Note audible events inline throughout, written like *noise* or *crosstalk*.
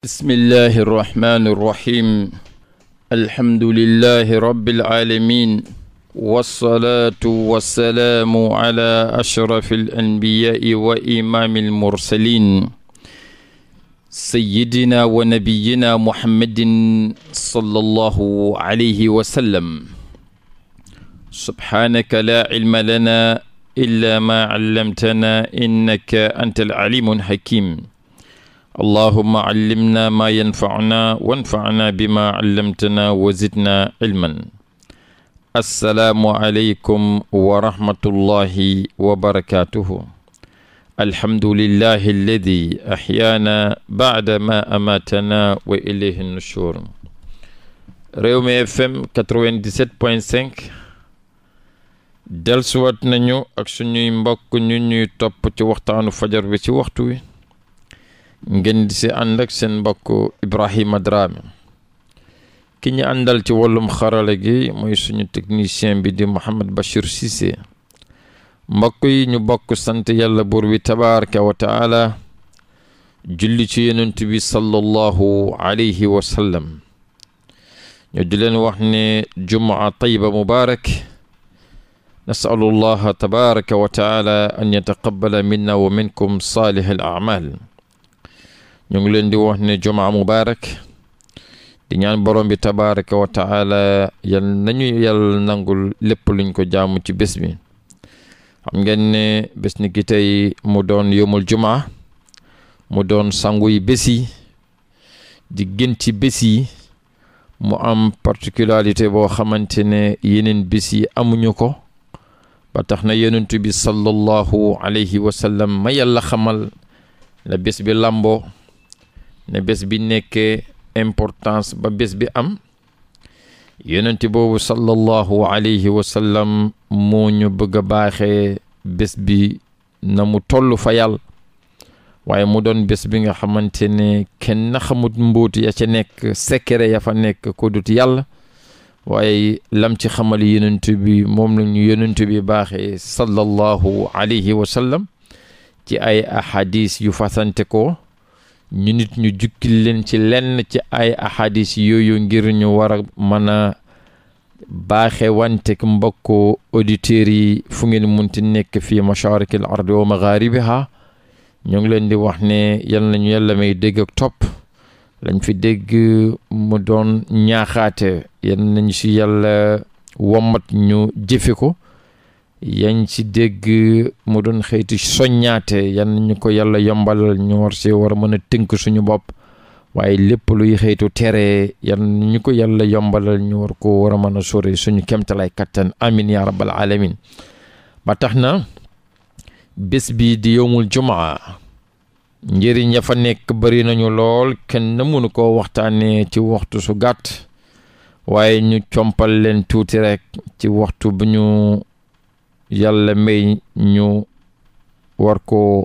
bismillahi irrahmani irrahim alhamdulilahi rabbil alamin walsalaatu wassalaamu ala ashrafi alanbiyaai wa imaami almursalin sayidina wa nabiyina muhammadin sallallahu alayhi wa sallam subhaanaka laa cilma lanaa illaa maa callamtanaa innaka anta alcalimu alxakim allahuma callimna maa yanfacunaa wanfacnaa bimaa callamtanaa wa zidnaa cilman assalaamu aleykum wa rahmatullahi wa barakaatuhu alhamdulillahi alladi axyaana bacda ma amaatanaa wa ilayhi nushur Rewmi FM 97.5 delsuwaat nañu ak suñuy mbokk ñu ñuy topp ci waxtaanu fajar bi ci waxtu wi ngeen di si ànd seen mbokk Ibrahima Dramé ki ñu àndal ci wàllum xarala gi mooy suñu technicien bi di Mouhamed Bachir Cissé mbokk yi ñu bokk sant yàlla buur bi tabaraka wa taala julli ci yonent bi sallallahu alayhi wa sallam ñu di leen wax ne jumaa tayba mubaarak nasalu allaha tabaraka wa taala an yataqabala minna wa minkum saalih al ñu ngi leen di wax ne jumaa mubaarak di ñaan borom bi tabaraka wa taala yal nañu yàlla nangul lépp luñ ko jaamu ci bés bi xam ngeen ne bés ni ki mu doon yomul juma mu doon sangu yi bés yi di gën ci bés yi mu am particularité boo xamante ne yeneen bés yi amuñu ko ba tax na yonent bi sallallahu alayhi wa sallam ma xamal la bés bi làmboo ne bés bi nekkee importance ba bés bi am yonent boobu sallallahu alayhi wa sallam moo ñu bëgg a baaxee bés bi na mu toll fa yàlla waaye mu doon bés bi nga xamante ne kenn xamut mbóot ya ca nekk secret ya fa nekk ko yàlla waaye lam ci xamal yonent bi moom la ñu yonent bi baaxee sallallahu alayhi wa sallam ci ay ahadis yu fasante ko ñu nit ñu jukkil leen ci lenn ci ay ahadis yooyu ngir ñu war a mën a baaxe wante mbokku auditeurs yi fu ngeen munti nekk fii masharikil ardi wa magharibiha ñu ngi leen di wax ne yal nañu yàlla may dégg ak topp lañ fi dégg mu doon ñaaxaate yal nañ si yàlla wommat ñu jëfe ko yañ ci dégg mu doon xëyti soññaate yan ñu ko yàlla yombalal ñu war si war a mën a tënk suñu bopp waaye lépp luy xëytu tere yan ñu ko yàlla yombalal ñu war ko war a mën a sori suñu kemtalaay kattan amin ya rabbal alamin ba tax na bés bi di yowmul jumaa njëriñ ya fa nekk bari nañu lool kenn mënu ko waxtaanee ci waxtu su gàtt waaye ñu compal leen tuuti rekk ci waxtu bu ñu yàlla may ñu war ko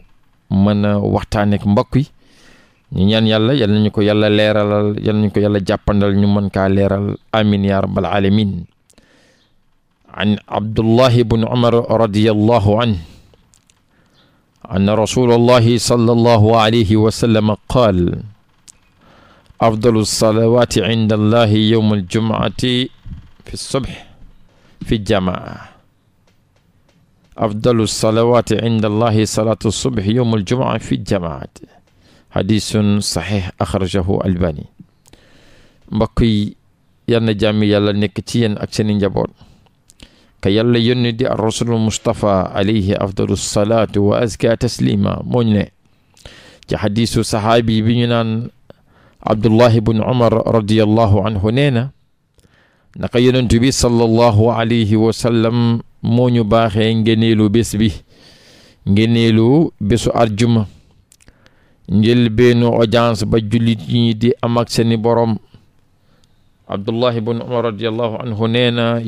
mën a waxtaanee ak mbokk yi ñu yàlla yal nañu ko yàlla leeralal yal nañu ko yàlla jàppandal ñu mën ka leeral amin ya rabbal alamin an abdullahi bnu umar radiallahu an qaal afdalu salawaati inda allahi fi subh fi jamaa afdalu salawaati inda allahi salaatu subhi yowm aljumaa fi jamaati hadisun saxiix axrajahu albani mbokk yi yal na jàmmi yàlla nekk ci yéen ak seeni njaboot ka yàlla yónni di ar rasulul mustapha alayhi afdalu salaatu wa azka taslima mooñ ne ci hadisu saxaabi bi ñu naan abdullahi bun umar radiallahu anhu nee na naka yonentu bi sallallahu alayhi wa sallam moo ñu baaxee ngeneelu bés bi ngeneelu bésu arjuma njëlbeenu audience ba jullit ñi di am ak seeni boroom abdullahi bun umar radiallahu anhu nee na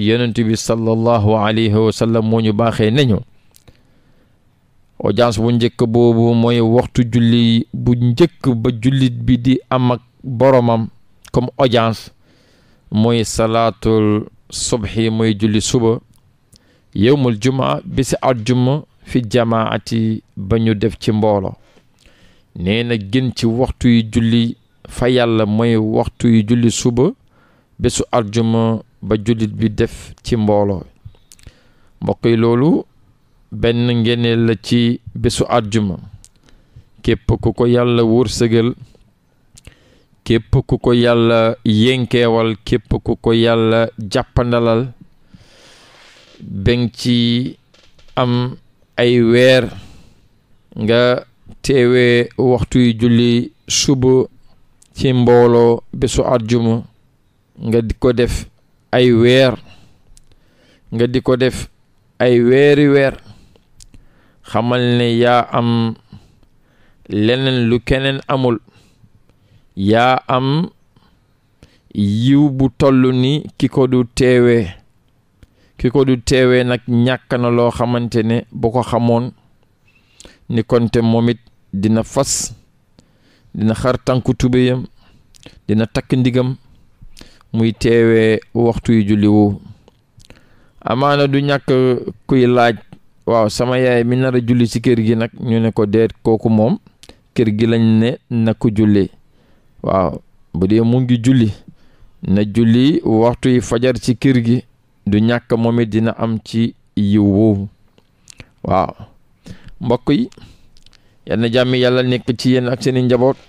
bi sallallahu alayhi wa moo ñu baaxee nañu audience bu njëkk boobu mooy waxtu julli bu njëkk ba jullit bi di am ak boroomam comme audience mooy salaatul subhi mooy julli suba yowmul jumaa bisi àjjuma fi jamaati ba ñu def ci mbooloo nee na gën ci waxtu yu julli fa yàlla mooy waxtu yu julli suba bésu àjjuma ba jullit bi def ci mbooloo mbokk yi loolu benn ngeneel la ci bésu àjjuma képp ku ko yàlla wërsëgal képp ku ko yàlla yénkeewal képp ku ko yàlla jàppandalal danga ci am ay weer nga teewee waxtuy julli suba ci mbooloo bésu àjjuma nga di ko def ay weer nga di ko def ay weeri weer xamal ne yaa am leneen lu keneen amul yaa am yiw bu toll ni ki ko du teewee ki ko du teewee nag ñàkk na loo xamante ne bu ko xamoon ni konte moom it dina fas dina xar tànku tubéyam dina takk ndigam muy teewee waxtu yu julli wu amaana du ñàkk kuy laaj waaw sama yaay mi nar a julli ci kër gi nag ñu ne ko deet kooku moom kër gi lañ ne na ko julli waaw bu dee mu ngi julli na julli waxtu yi fajar ci kër gi du ñàkk moom it dina am ci yiw woowu waaw mbokk yi yenn jàmmi yàlla nekk ci yéen ak seeni njaboot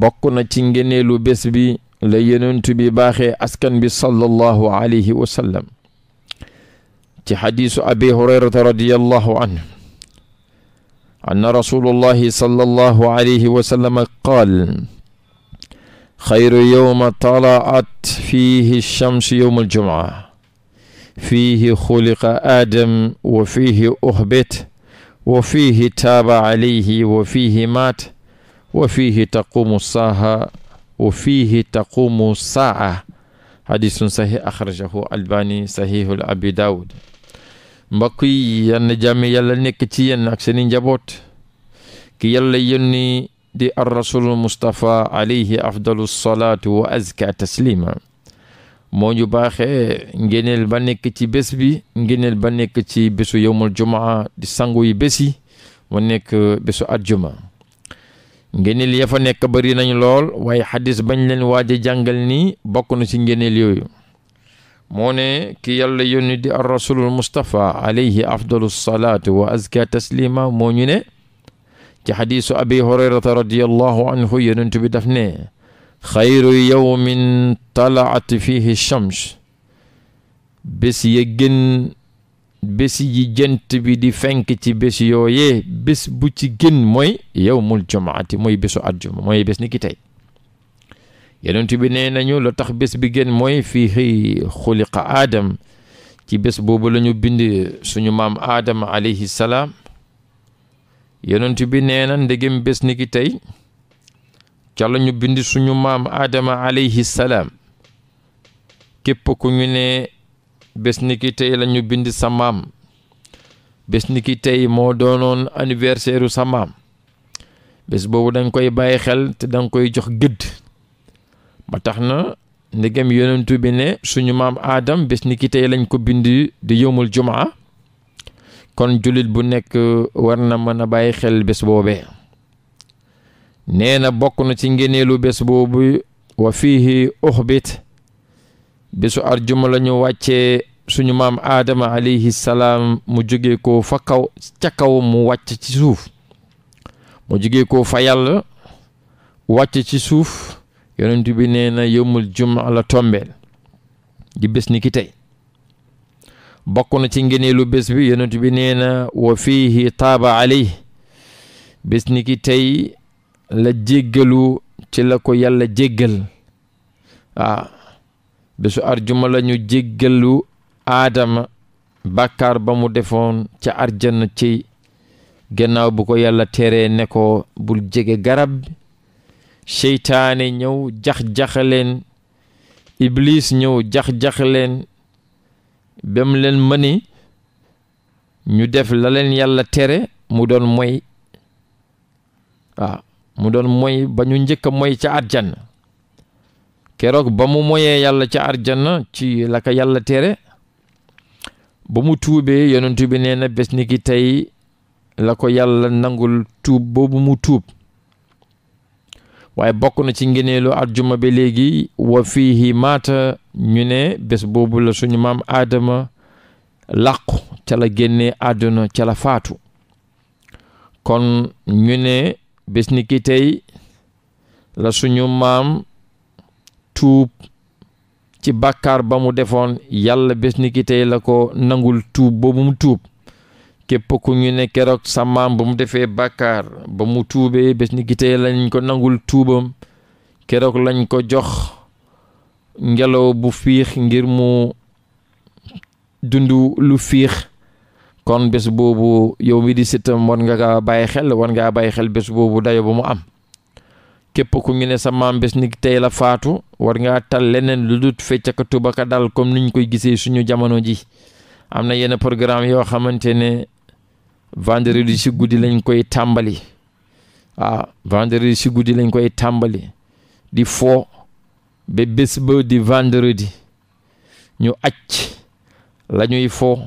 bokk na ci ngeneelu bés bi la yonent bi askan bi sallallahu alayhi wa sallam ci xadiisu abi hurayrata radiyallahu anhu anna rasulullahi alayhi wa qaal xayru yowma talaat fiihi chamsu yowma aljumaa fiihi xuliqa aadam wa fiihi uxbit wa fiihi taaba alayhi wa fiihi maat wa fiihi taqumu saaha wa fiihi taqumu saa hadisun sahih axrajahu albani sahihul abi daawud mbokk yi yann jàmm yàlla nekk ci yéen ak seeni njaboot ki yàlla yónni di ar rasulul mustapha alayhi afdalu salaatu wa azka taslima moo ñu baaxe ngeneel ba nekk ci bés bi ngeneel ba nekk ci bésu yowmul jumaa di sangu yi bés yi mu nekk bésu àjjuma ngeneel ya fa nekk bari nañ lool waaye xadis bañ leen waaj jàngal nii bokk na ci ngeneel yooyu moo ne ki yàlla yónni di ar rasulul mustapha alayhi afdalu salaatu wa azka taslima moo ñu ne ci xadisu abi hurayrata radiallahu anhu yonent bi daf ne xayru yawmin talaat fihi shams bés ya gën bés yi jant bi di fenk ci bés yooyee bés bu ci gën mooy yawmul jumaati mooy bésu àjjuma mooy bés ni ki tey yonent bi nee nañu lu tax bés bi gën mooy fiihi xuliqa aadam ci bés boobu lañu ñu bind suñu maam aadama alayhi salaam yonent bi nee na ndegem bés ni ki ca la ñu bind suñu maam aadama alayhi salaam képp ku ñu ne bés ni ki tey la bind sa maam bés ni ki tey moo doonoon anniversaire sa maam bés boobu danga koy bàyyi xel te danga koy jox gëdd ba tax na ndegem yonentu bi ne suñu maam aadam bés ni ki tey lañ ko bind di yowmul jumaa kon jullit bu nekk war na mën a bàyyi xel bés boobee nee na bokk na ci ngeneelu bés boobu wa fiihi uxbit bésu arjuma la ñu wàccee suñu maam aadama alayhi salaam mu jóge ko fa kaw mu wàcc ci suuf mu jóge ko fa yàlla wàcc ci suuf yonent bi nee na yowmul jumaa la tombeel di bés ni bokk na ci ngeneelu bés bi yonent bi nee wa fiihi taaba alayhi bés la jéggalu ci la ko yàlla jéggal waaw ah, bésu arjuma la jéggalu aadama bakkar ba mu defoon ca arjana ci gannaaw bu ko yàlla teree ne bul jege garab bi seytaane ñëw jax-jaxaleen ibliis ñëw jax-jaxaleen jax bem leen mëni ñu def la leen yàlla tere mu doon moy ah, mu doon moy ba ñu njëkk a moy ca arjanna keroog ba mu moyee yàlla ca arjanna ci la ko yàlla tere ba mu tuubee yonentu bi nee na bés ni ki tey la ko yàlla nangul tuub boobu mu tuub waaye bokk na ci ngeneelu arjuma ba léegi wa fiihi maata ñu ne bés boobu la suñu maam aadama làqu ca la génnee àdduna ca la faatu kon ñu bis ni ki tey la suñu maam tuub ci bàkkaar ba mu defoon yàlla bés ni ki tey la ko nangul tuub boobu mu tuub képp ku ñu ne keroog sa maam ba mu defee bàkkaar ba mu tuubee bés ni ki tey lañ ko nangul tuubam keroog lañ ko jox ngelaw bu fiix ngir mu dundu lu fiix kon bés boobu yow mi di sittam war nga kaa bàyyi xel war ngaa bàyyi xel bés boobu dayo ba mu am képp ku ngi ne sa maam bés ni tey la faatu war ngaa tal leneen lu dut feccaka tubaka dal comme niñ koy gisee suñu jamono ji am na yenn programme yoo xamante ne vendredi si guddi lañ koy tàmbali ah vendredi si guddi lañ koy tàmbali di foo ba bés ba di vendredi ñu acc la foo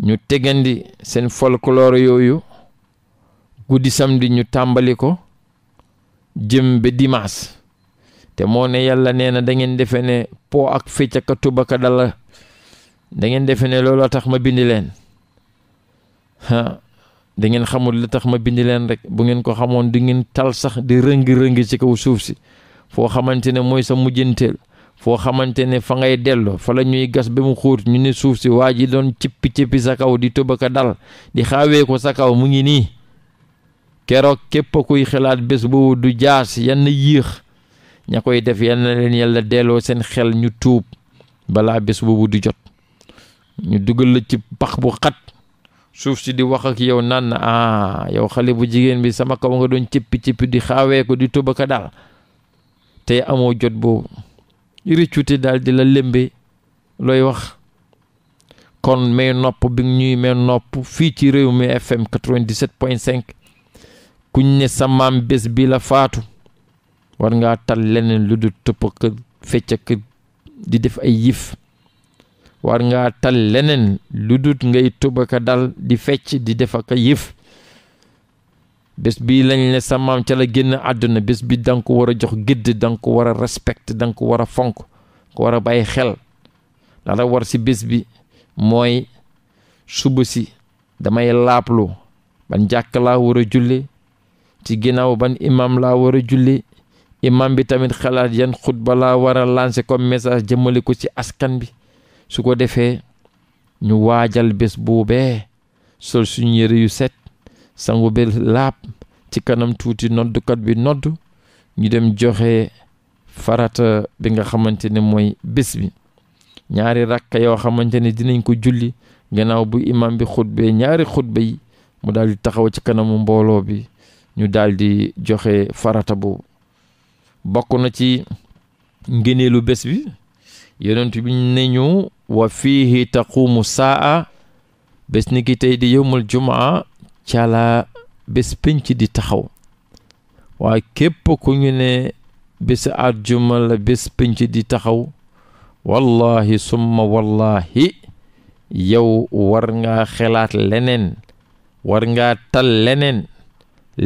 ñu tegandi seen folklore yooyu guddi samedi ñu tàmbali ko jëm bi dimanche te moo ne yàlla nee na dangeen defe ne po ak fecc ak tubaka dala da defe ne looloo tax ma bindi leen ah da xamul la tax ma bindi leen rek bu ngeen ko xamoon di ngeen tal sax di rëngi-rëngi ci kaw suuf si foo xamante ne mooy sa mujjanteel foo xamante ne fa ngay delloo fa la ñuy gas ba mu xóot ñu ne suuf si waa ji doon cippi cippi sa kaw di tëb ka di xaawee ko sa kaw mu ngi nii keroog képp kuy xalaat bés boobu du jaas yan yéex ña koy def yan na leen yàlla delloo seen xel ñu tuub balaa bés boobu du jot ñu dugal la ci pax bu xat suuf si di wax ak yow naan na ah yow xale bu jigéen bi sama kaw nga doon cippi cippi di xaawee ko di tëb ka dal tey amoo jot boobu. rëccute daal daldi la lémbe looy wax kon may nopp bi ñuy may nopp fii ci réew mi fm 97.5 kuñ ne sa maam bés bi la faatu war ngaa tal leneen lu dul kër fecc kër di def ay yëf war ngaa tal leneen lu dul ngay tubaka dal di fecc di def ak yëf bés bii lañ ne sa maam ca la génn àdduna bés bi da ko war a jox gédd da ko war a respect da ko war a fonk ko war a bàyyi xel la la war si bés bi mooy suba si damay laablu ba jàkk laa war a julli ci ginnaaw ban imam laa war a julli imam bi tamit xalaat yan xutba laa war a lancer ko message jëmale ko ci askan bi su ko defee ñu waajal bés buubee sol suñu yëre yu set sangu bi laab ci kanam tuuti noddukat bi noddu ñu dem joxe farata bi nga xamante ne mooy bés bi ñaari rakka yoo xamante ne dinañ ko julli gannaaw bu imam bi xutbee ñaari xutba yi mu daal di taxaw ci kanamu mbooloo bi ñu daldi joxe farata boobu bokk na ci ngëneelu bés bi yonent bi ñu wa fiihi taqumu saa bés ni ki tey di yowmul jumaa caalaa bés pénc di taxaw waa képp ku ñu ne bés àjjuma la bés pénc di taxaw wallahi summa wallahi yow war ngaa xelaat leneen war ngaa tal leneen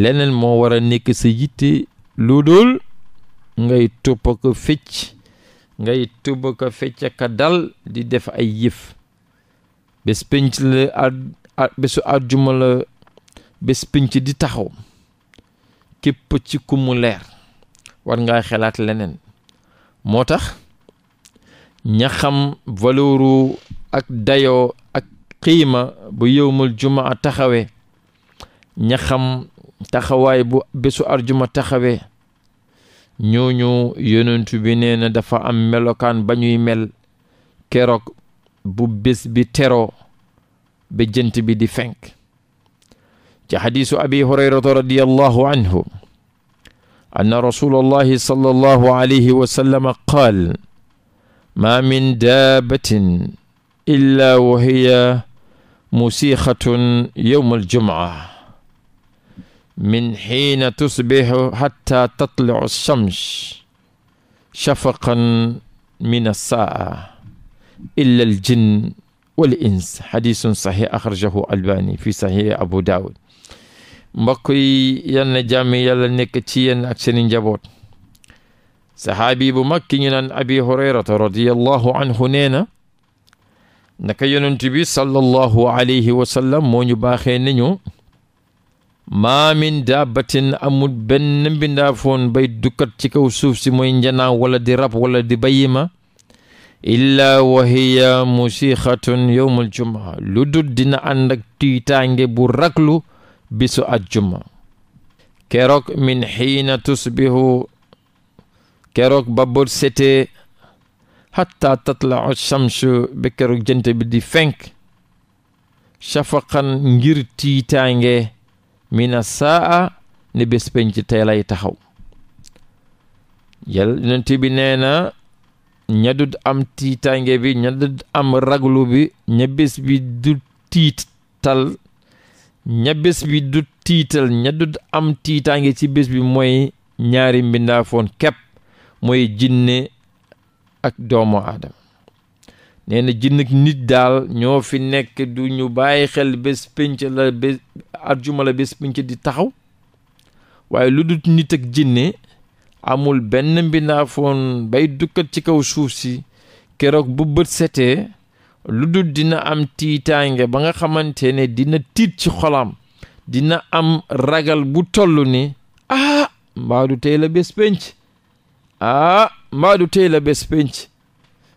leneen moo war a nekk sa yitte lu dul ngay tuppa ko fecc ngay tuppa ko fecc ka dal di def ay yëf bés pénc la a bésu àjjuma la bés pinc di taxaw képp ci ku mu leer war xalaat leneen moo tax ñaxam xam ak dayoo ak xiima bu yowmul jumaa taxawee ñaxam taxawaay bu bésu arjuma taxawee ñooñu yonentu bi nee na dafa am melokaan ba ñuy mel keroog bu bés bi teroo ba jënt bi di fenk ci xadiisu abi hurayrata radiyallahu anhu anna rasulallahi sallallahu alayhi wa sallam qaal maa min daabatin illaa wa hiya musiixatun yowma aljumca min xiina tusbixu xatta tatlicu alshams shafaqan min alsaa'a illa aljin wal ins xadiisun saxiix axrajahu albani fi saxiix abu daawud mbokk yi yal na jàmm yàlla nekk ci yéen ak seeni njaboot saxaabi bu mag yi ñu naan abi hurayrata radiyallahu anhu nee na naka yonent bi sallallahu alayhi wa moo ñu baaxee nañu maa min daabatin amul benn mbindaafoon bay dukkat ci kaw suuf si mooy njanaaw walla di rab wala di bayima illaa wa hiya musixatun yowmal jumaa lu dina ànd ak tiitaange bu raglu bisu ajjuma keroog min xiina tusbihu keroog ba bët setee xatta tatla'u shamsu ba keroog jant bi di fenk shafaqan ngir tiitaange mina saa ne bés penc taxaw yàlla yonent bi nee na ñadut am tiitaange bi ñadut am raglu bi ña bi du tiital ña bés bi du tiital ña du am tiitaange ci bés bi mooy ñaari mbindaafoon kepp mooy jinne ak doomu aadama nee na ak nit daal ñoo fi nekk du ñu bàyyi xel bés pénc la bés arjuma la bés pénc di taxaw waaye lu dul nit ak jinne amul benn mbindaafoon bay dukkat ci kaw suuf si keroog bu bët setee lu dul dina am tiitaange ba nga xamante ne dina tiit ci xolam dina am ragal bu toll ni ah mbaadu tey la bés penc ah mbaadu tey la bés penc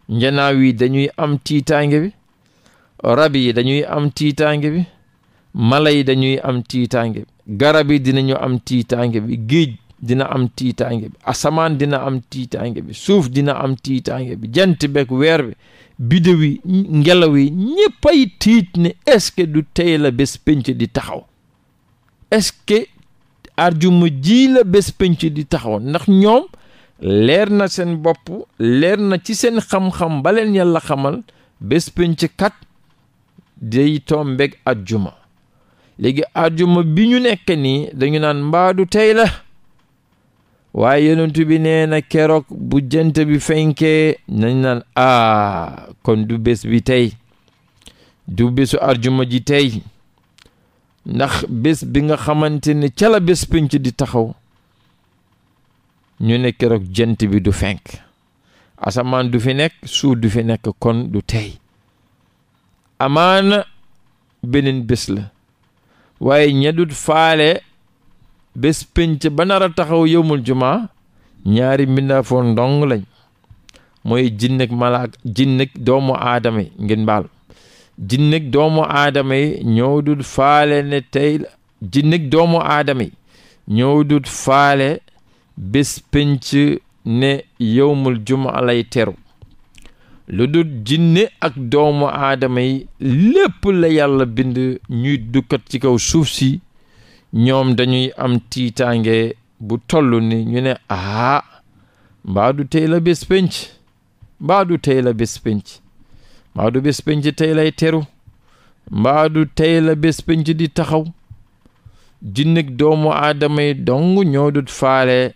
yi dañuy am tiitaange bi rab yi dañuy am tiitaange bi mala yi dañuy am tiitaange bi garab yi dinañu am tiitaange bi géej dina am tiitaange bi asamaan dina am tiitaange bi suuf dina am tiitaange bi jant beeg weer bi bidéw yi ngelaw yi ñëppay tiit ne est du tey la bés penc di taxaw est-ce que arjuma ji la bés penc di taxaw ndax ñoom leer na seen bopp leer na ci seen xam-xam baleen yàlla xamal bés penc kat day tombeeg arjuma léegi arjuma bi ñu nekk nii dañu naan mbaadu tey la waaye yonent bi nee na keroog bu jant bi fenkee nañ naan aa kon du bés bi tey du bésu arjuma ji tey ndax bés bi nga xamante ne ca bés pénc di taxaw ñu ne keroog jant bi du fenk asamaan du fi nekk suu du fi nekk kon du tey amaana beneen bés la waaye ña dut faale bés pénc ba nar a taxaw yowmul jumaa ñaari mbindaafoon ndong lañ mooy jinnek malaak jinnek doomu aadama yi ngeen baal jinnek doomu aadama ñoo dul faale ne doomu aadama yi ñoo dul faale bés pénc ne yowmul jumaa lay teru lu dul jinne ak doomu aadama yi lépp la yàlla bind ñuy dukkat ci kaw suuf si ñoom dañuy am tiitaange bu tollu ni ñu ne aa mbaa du tey la bés penc mbaa du tey bés penc mbaa du bés penc tey lay teru mbaa du tey bés penc di taxaw jinnig doomu aadama yi dong ñoo dut faale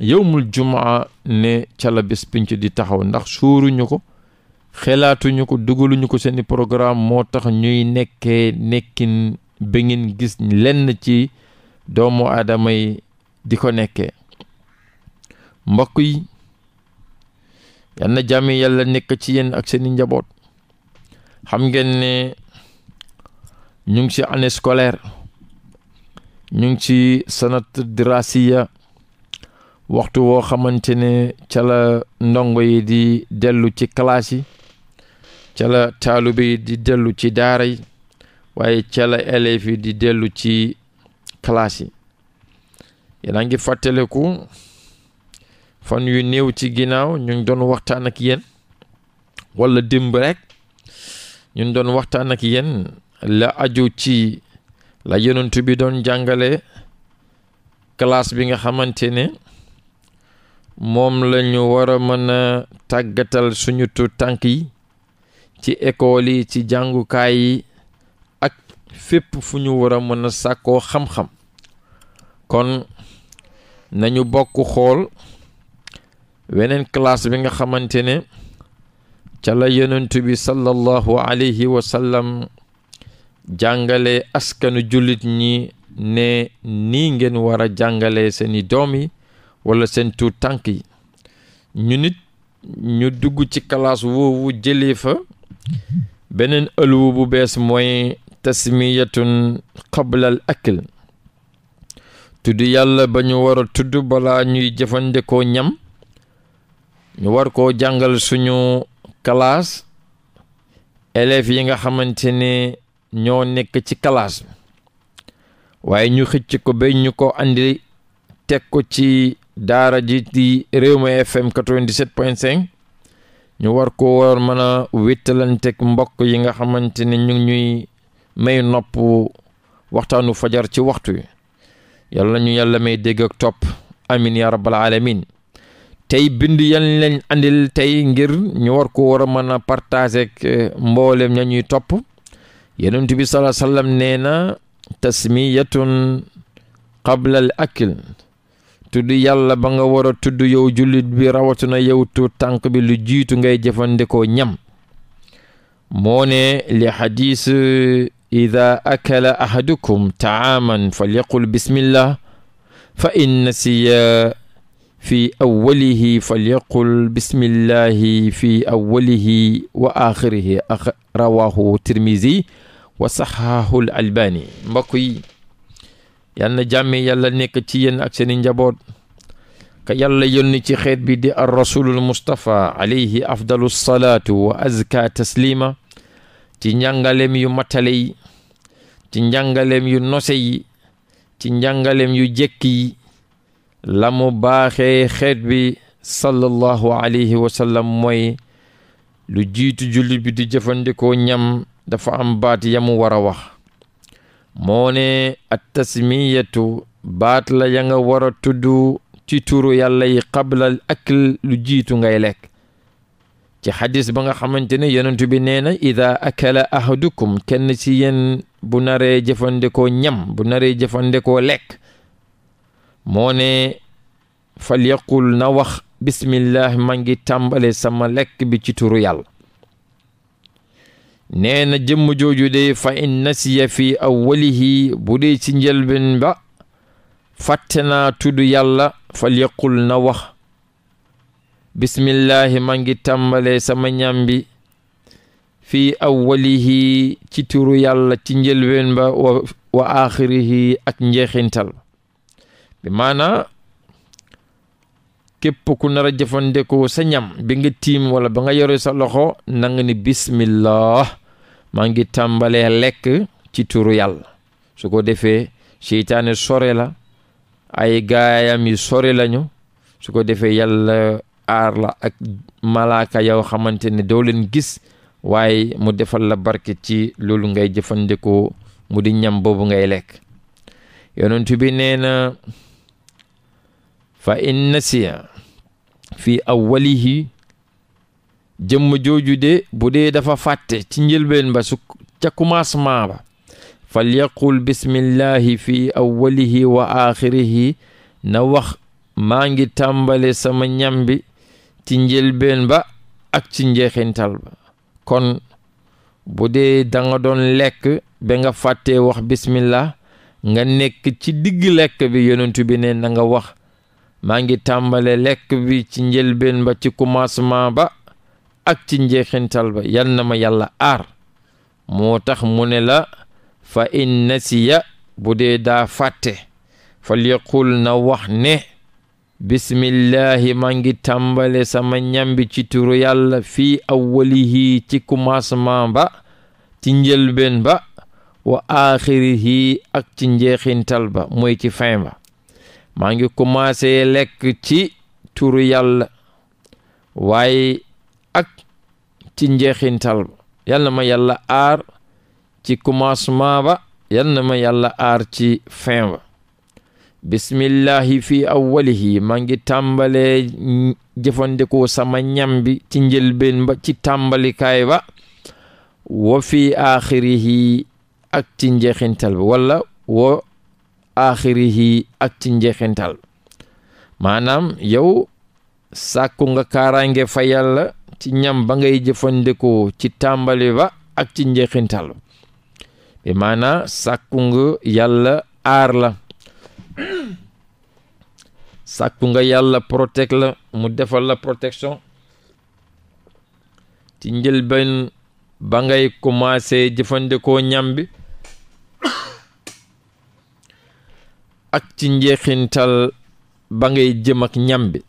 yowmul jumaa ne ca bés penc di taxaw ndax suuruñu ko xelaatuñu ko dugaluñu ko seeni programme moo tax ñuy nekkee nekkin ba ngeen gis lenn ci doomu aadama yi di ko nekke mbokk yi yal na jàmmi yàlla nekk ci yenn ak seeni njaboot xam ngeen ne ñu ngi ci année scolaire ñu ngi ci sanat dirasiya waxtu woo xamante ne cala ndongo yi di dellu ci classe yi cala la taalibe yi di dellu ci daara yi waaye cela la yi di dellu ci classe yi yéen a ngi fàttaliku fan yu néew ci ginnaaw ñu ngi doon waxtaan ak yéen walla démb rek ñu ngi doon waxtaan yen la aju ci la yonent bi doon jàngale classe bi nga xamante ne moom lañu ñu war a mën a tàggatal suñu tu tànk yi ci école yi ci jàngukaay yi fépp fu ñu war a mën a sàkkoo xam-xam kon nañu bokk xool weneen classe bi nga xamante ne ca la yonent bi sallallahu alayhi wa sallam jàngale askanu jullit ñi ne nii ngeen war a jàngale seeni doom yi wala seen tuut tànk yi ñu nit ñu dugg ci classe woowu jëlee fa beneen ëlwu bu bees mooy tasmiyatun qabla al akl tudd yàlla ba ñu war tudd bala ñuy jëfandikoo ñam ñu war koo jàngal suñu kalaas élèves yi nga xamante ne ñoo nekk ci kalaas waaye ñu xëcc ko ba ñu ko andi teg ko ci daara ji di réew Rewmi FM 97.5 ñu war ko war mën a mbokk yi nga xamante ne ñu ñuy may nopp waxtaanu fajar ci waxtu wi yàlla ñu yàlla may dégg ak topp amin ya rabbal alamin tey bind yan lañ andil tey ngir ñu war ko war a mën a partager ak eh, mboolem ña ñuy topp yonent bi sallallahu alayhi wasallam nee na tasmiyatun qabla al akil tudd yàlla ba nga war a tudd yow jullit bi rawatuna yow tu tànk bi lu jiitu ngay jëfandikoo ñam moo li xadiis ida akala ahadukum taaman falyaqul bismillah fa in nasiya fi awwalihi falyaqul bismillahi fi awwalihi wa axirihi rawahu tirmisi wa saxaahu albani mbokk yi yal na jàmmi yàlla nekk ci yéen ak seeni njaboot ka yàlla yónni ci xeet bi di ar rasulul mustapha alayhi afdalu salaatu wa azka taslima ci njàngaleem yu matale yi ci njàngaleem yu nose yi ci njàngaleem yu jekk yi la mu baaxee xeet bi sallallahu alayhi wa mooy lu jiitu jullit bi di jëfandikoo ñam dafa am baat yamu war a wax moone ne at tasmiyatu baat la ya nga war a tudd ci turu yàlla yi qabla al lu jiitu ngay lekk ci xadis ba nga xamante ne yonent bi nee na ida akala ahadukum kenn ci yéen bu naree jëfandikoo ñam bu naree jëfandikoo lekk moo ne fal na wax bismillah ma ngi tàmbale sama lekk bi ci turu yàlla nee jëmm jooju de fa in nasiya fi awwalihi bu dee ci njëlbeen ba fàtte naa tudd yàlla fal yaqul na wax bismillaahi maa ngi tàmbalee sama ñam bi fii awwalihi ci turu yàlla ci njëlbeen ba wa aaxirihi ak njeexintal bi maanaa képp ku nar a sa ñam bi nga tiim wala ba nga yore sa loxo nang ni bismillah maa ngi tàmbalee lekk ci turu yàlla su ko defee seytaane sore la ay gaayam yi sore lañu su ko defee yàlla arla ak malaaka yow xamante ne doo leen gis waaye mu defal la barke ci loolu ngay jëfandikoo mu di ñam boobu ngay lekk yonent bi nee na fa in nasiya fii awwalihi jëmm jooju de bu dee dafa fàtte ci njëlbeen ba su ca commencement ba fal yaqul bismillahi fii awwalihi wa axirihi na wax maa ngi tàmbale sama ñambi ci njëlbeen ba ak ci njeexintal ba kon bu dee danga doon lekk ba nga fàttee wax bismillah nga nekk ci digg lekk bi yonent bi ne na wax maa ngi tàmbale lekk bi ci njëlbeen ba ci commencement ba ak ci njeexintal ba yal na ma yàlla aar moo tax mu ne la fa in nasiya bu dee daa fàtte fal yaqul na wax ne bismillahi maa ngi tàmbale sama ñambi ci turu yàlla fii awwalihi ci commencement ba ci njëlbeen ba wa aaxirihi ak ci njeexintal ba mooy ci fin maa ngi commencé lekk ci turu yàlla waaye ak ci njeexintal ba yal ma yàlla aar ci commencement ba yal na ma yàlla aar ci fin ba bismillahi fi awwalihi maa ngi tàmbalee jëfandikoo sama ñam bi ci njëlbeen ba ci tàmbalikaay ba wa fi aaxirihi ak ci njeexintal ba wala wa aaxirihi ak ci njeexintal maanaam yow sàkku nga kaaraange fa yàlla ci ñam ba ngay jëfandikoo ci tàmbali ba ak ci njeexintal bi maanaam sàkku nga yàlla la *coughs* sàkku nga yàlla protect la mu defal la protection ci njëlbeen ba ngay commencé jëfandikoo ñam *coughs* ak ci njeexintal ba ngay jëmak ñambi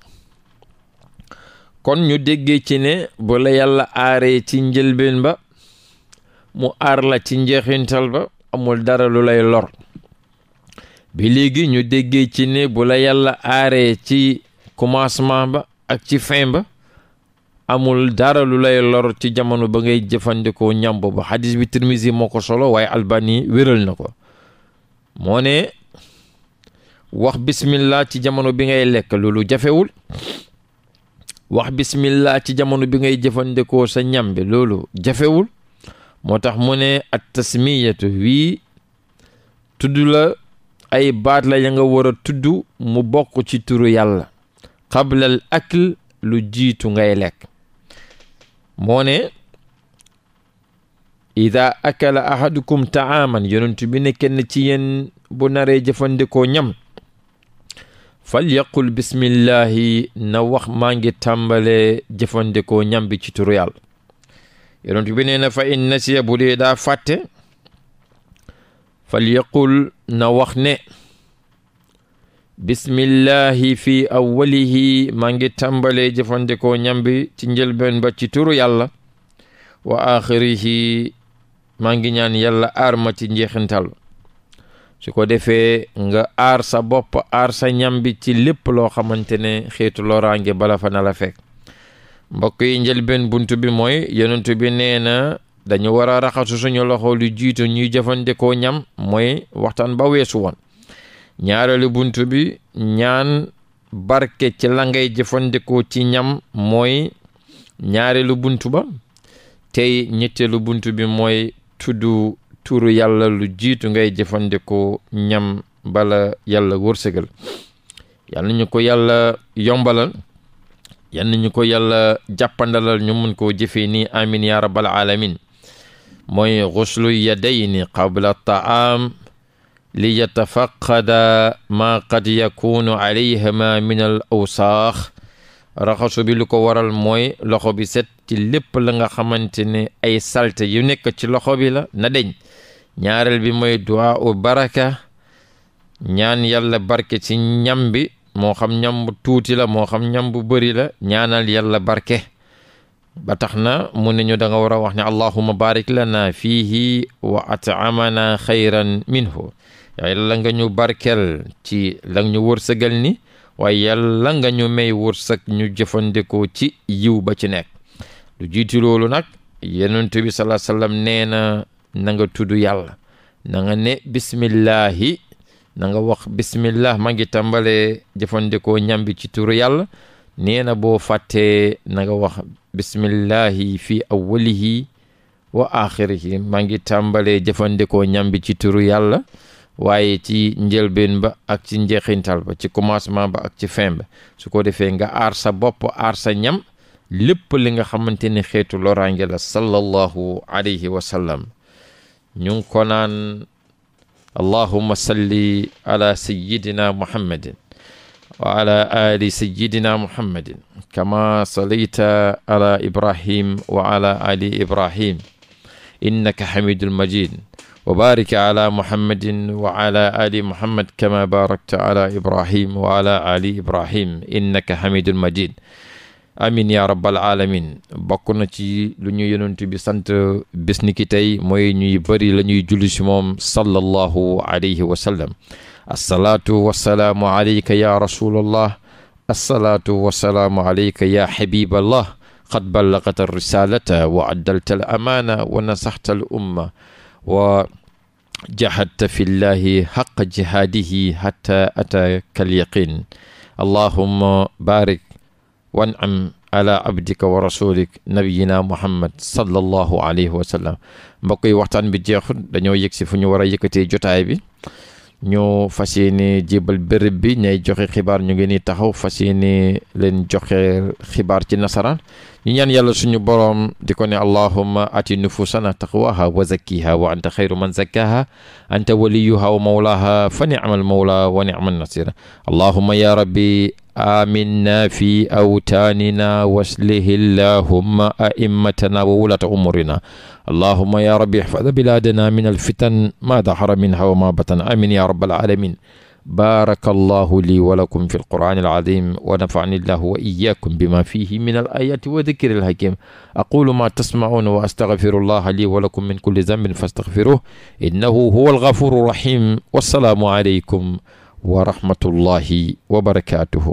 kon ñu déggee ci ne bu la yàlla aree ci njëlbeen ba mu aar la ci njeexintal ba amul dara lu lay lor bi léegi ñu déggee ci ne bu la yàlla aaree ci commencement ba ak ci fin ba amul dara lay lor ci jamono ba ngay jëfandikoo ñam boobu xadis bi Tirmisi moo ko solo waaye Albani wéral na ko moo ne wax bismillah ci jamono bi ngay lekk jafewul wax bismillah ci jamono bi ngay jëfandikoo sa ñam bi loolu jafewul moo tax mu ne at tasmiyatu wii tudd ay baat la ya nga war a tudd mu bokk ci turuyal yàlla xablal akl lu jiitu ngay lekk moo ne ida akala ahadukum taaman yonentu bi ne kenn ci yéen bu naree jëfandikoo ñam fal yaqul bismillahi na wax maa ngi tàmbale jëfandikoo ñam bi ci turuyal yàlla yonentu na fa in nasiya bu dee daa fàtte fal na wax ne bismillahi fi awwalihi maa ngi tàmbalee jëfandikoo ñam bi ci njëlbeen ba ci turu yàlla wa axirihi maa ngi ñaan yàlla aar ma ci njeexintal su ko defee nga aar sa bopp aar sa ñam bi ci lépp loo xamante ne xeetu loraange bala fa na fekk mbokk njëlbeen buntu bi mooy yonentu dañu war a raxasu suñu loxo lu jiitu ñuy jëfandikoo ñam mooy waxtaan ba weesu woon ñaareelu bunt bi ñaan barke ci la ngay jëfandikoo ci ñam mooy ñaareelu bunt ba tey ñetteelu bunt bi mooy tuddu turu yàlla lu jiitu ngay jëfandikoo ñam bala yàlla wërsëgal yal na ñu ko yàlla yombalal yal na ñu ko yàlla jàppandalal ñu mun koo jëfee nii amin ya rabbal alamin mooy xuslu yadayni qabla taam li yatafaqada maa qad yakunu alayhima min al awsaax raxasu bi lu ko waral mooy loxo bi set ci lépp la nga xamante ne ay salte yu nekk ci loxo bi la na deñ ñaareel bi mooy duwaa u baraka ñaan yàlla barke ci ñambi bi moo xam ñam tuuti la moo xam ñam bu bëri la ñaanal yàlla barke ba tax na mu ne ñu da nga war a wax ne allahuma barik lana fiihi wa atamana xayran minhu yàlla nga ñu barkel ci la ñu wërsëgal ni waaye yàlla nga ñu may wërsëg ñu jëfandikoo ci yiw ba ci nekk lu jiitu loolu nag yonent bi salaa sallam nee na na nga tudd yàlla nanga nga ne bismillahi na wax bismillah ma ngi tàmbalee jëfandikoo ñam bi ci turu yàlla nee na boo fàttee na nga wax bismillahi fi awwalihi wa axirihi maa ngi tàmbalee jëfandikoo ñam bi ci turu yàlla waaye ci njëlbeen ba ak ci njeexintal ba ci commencement ba ak ci fin ba su ko defee nga aar sa bopp aar sa ñam lépp li nga xamante ni xeetu loraange la sallallahu alayhi wa sallam ñu ngi allahumma salli ala sayyidina muhammadin wa ala ali sayidina muhammadin kama salayta ala ibrahim wa ala ali ibrahim innaka hamidul majid wa barik ala muhammadin wa ala ali muhammad kama barakta ala ibrahim wa ala ali ibrahim innaka hamidul majid amin ya rabbal alamin bokk na ci lu ñu yonent bi sant bis ni ki tey mooy ñuy bëri la ñuy julli si moom sallallahu alayhi wa sallam assalaatu wassalaamu alayka ya rasulallah assalaatu wassalaamu alayka ya habiballah qad ballagta risalata wa addalta al amaana wa nasaxta al umma wa jahadta fi llahi xaqa jihaadihi xata ataaka alyaqin allahuma barik wa an'am ala abdika wa rasulik nabiyina muhammad sallallahu alayhi wa sallam mbokk yi waxtaan bi jeexul dañoo yëg si fu ñu war a yëkkatee jotaay bi ñoo fas ni jébal béréb bi ñay joxe xibaar ñu ngi nii taxaw fas yéene leen joxe xibaar ci nasaraan ñu ñaan yàlla suñu boroom di ko ne allahumma ati nufusana taqwaha wa zakkiha wa anta xayru man zakkaha anta waliyuha wa mawlaha fa ni'mal mawla wa ni'man nasira allahumma ya rabbi aminna fi awtaanina waslihi allahumma a'immatana wa wulata umurina allahumma ya rabbi ihfad biladana min alfitan ma dahara minha wa ma batan amin ya rabbal alamin baarakallahu lii walakum fi alqur'ani alazim wa nafani llahu wa iyakum bima fihi min al ayati wa dikri alhakim aqulu ma tasmaun wa astaghfiru llaha lii walakum min kulli zambin fastaghfiruh innahu huwa alghafuru rahim wassalaamu aleykum wa rahmatullahi wa barakatuhu